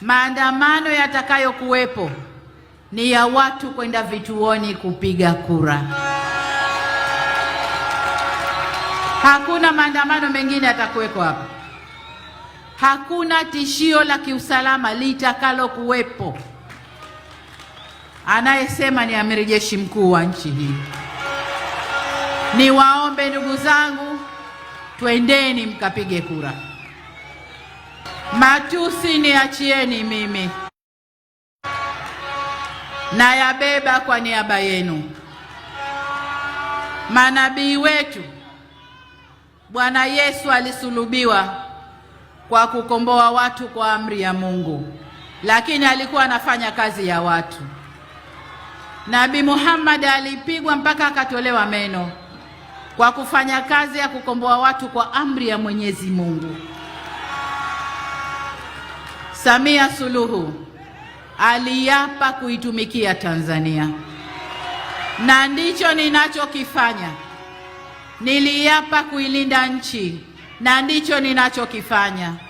Maandamano yatakayokuwepo ni ya watu kwenda vituoni kupiga kura. Hakuna maandamano mengine yatakuwepo hapa. Hakuna tishio la kiusalama litakalokuwepo. Anayesema ni amiri jeshi mkuu wa nchi hii. Niwaombe ndugu zangu, twendeni mkapige kura. Matusi niachieni mimi, nayabeba kwa niaba yenu. Manabii wetu, Bwana Yesu alisulubiwa kwa kukomboa watu kwa amri ya Mungu, lakini alikuwa anafanya kazi ya watu. Nabii Muhammad alipigwa mpaka akatolewa meno kwa kufanya kazi ya kukomboa watu kwa amri ya Mwenyezi Mungu. Samia Suluhu aliapa kuitumikia Tanzania, na ndicho ninachokifanya. Niliapa kuilinda nchi, na ndicho ninachokifanya.